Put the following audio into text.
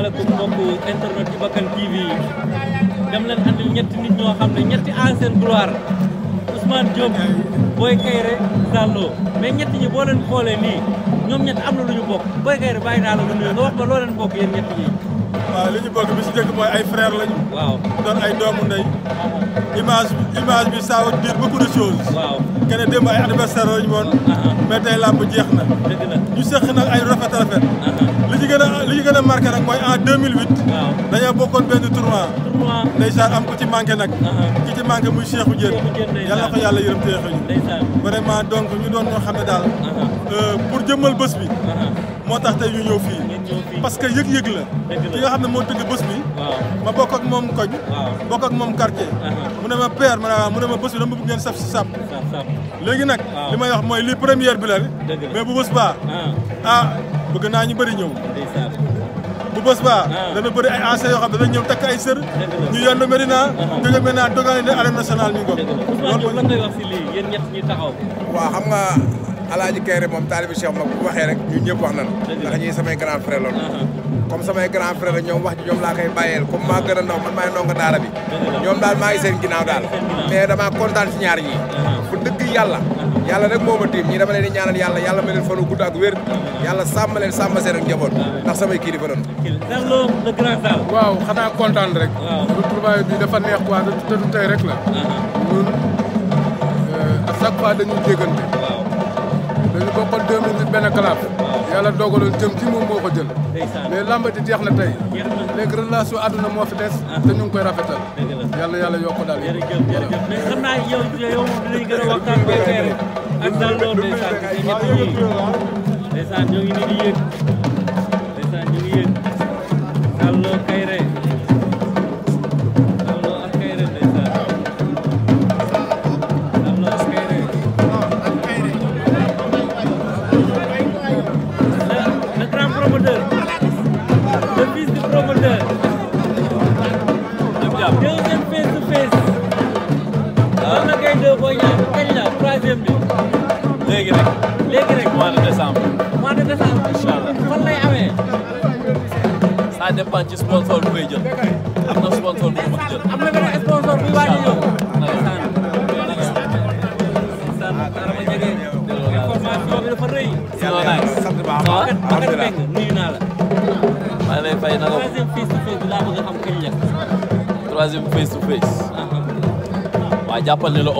asalaamaaleykum mbokku internet ci Bakkan TV dem leen andil ñetti nit ñoo xam ne ñetti ancienne gloire Ousmane Diop Boy Kayre Salloo mais ñetti ñi boo leen xoolee nii ñoom ñett am na lu ñu bokk Boy Kayre bàyyi naa la lu nuyu ba loo leen bokk yéen ñetti ñi. waaw li ñu bokk bi si njëkk mooy ay frère lañu. waaw doon ay doomu ndey. Uh-huh. image image bi ça veut dire beaucoup de choses. waaw kenn démb ay anniversaire lañu woon. Uh-huh. mais tey làmb jeex na. dëgg la ñu sëq nag ay rafet rafet. Uh-huh. ci gën a li ci gën nag mooy en 2008. waaw dañoo bokkoon benn tournoi. tournoi ndeysaan am ku ci manqué nag. Uh-huh. ki ci manqué muy Cheikhou Diène. yàlla ko yàlla yërëm téye ñu. vraiment donc ñu doon ñoo xam ne daal. Uh-huh. Euh, pour jëmmal bés bi. Uh-huh. moo tax tey ñu ñëw fii. parce que yëg-yëg la. ki nga xam ne moo tëgg bés bi. ma bokk ak moom koñ. bokk ak moom quartier. mu ne ma père ma ne waaw mu ne ma bés bi dama bëgg ngeen saf si sàpp. léegi nag. li ma wax mooy li première bi la. mais bu bés baa ah. bëgg naa ñu bëri ñëw bu bés ba ah. dana bëri ay anciens yoo xam ne danañ ñëw takk ay sër ñu yondu Medina ah. jóge Medina dogalee ne arène nationale ñu ko loolu lan wax si lii yéen ñett ñi taxaw waaw xam waxee rek ñun ñëpp wax nañ ndax ñuy samay grand frère loolu ah. comme samay grand frère la ñoom wax ji ñoom laa koy bàyyeel comme maa gën a ndaw man maay ndongo daara bi ñoom daal maa ngi seen daal mais damaa kontaan si ñaar ñi bu dëgg yàlla yàlla rek moo ma tiim ñii dama leen di ñaanal yàlla yàlla ma leen fanu gudd ak wér yàlla sàmm leen sàmm seen ak njaboot ndax samay kilifa doon waaw xanaa kontaan rek retrouvaille bi dafa neex quoi te du rek la uh-huh. ñun euh, à chaque fois dañuy déggante dañu bokkoon deux minutes benn kalaaf yàlla dogaloon jëm ci moom moo ko jël mais làmb di jeex na tey léegi relation àdduna moo fi des uh-huh. te ñu ngi koy rafetal yàlla yàlla yokk daal mais xam naa yow yow moom a waxtaan ak dal lool ndeysaan gis nga ñett ñi ndeysaan ñoo ngi nii di yéeg ndeysaan ñu ngi yéeg dal lool kayre le fils du promoteur léegi rek mois de décembre. mois de décembre incha allah fan lay amee. ça dépend ci sponsor bu koy jël. am na sponsor bu koy jël. am na benn sponsor bu waaj a ñëw. information bi dafa rëy. yàlla yàlla sant bu baax a baax nuyu naa la. maa ngi lay fay naka ko troisième face to face bi laa bëgg a xam kañ la. troisième face to face. waa jàppal ne la.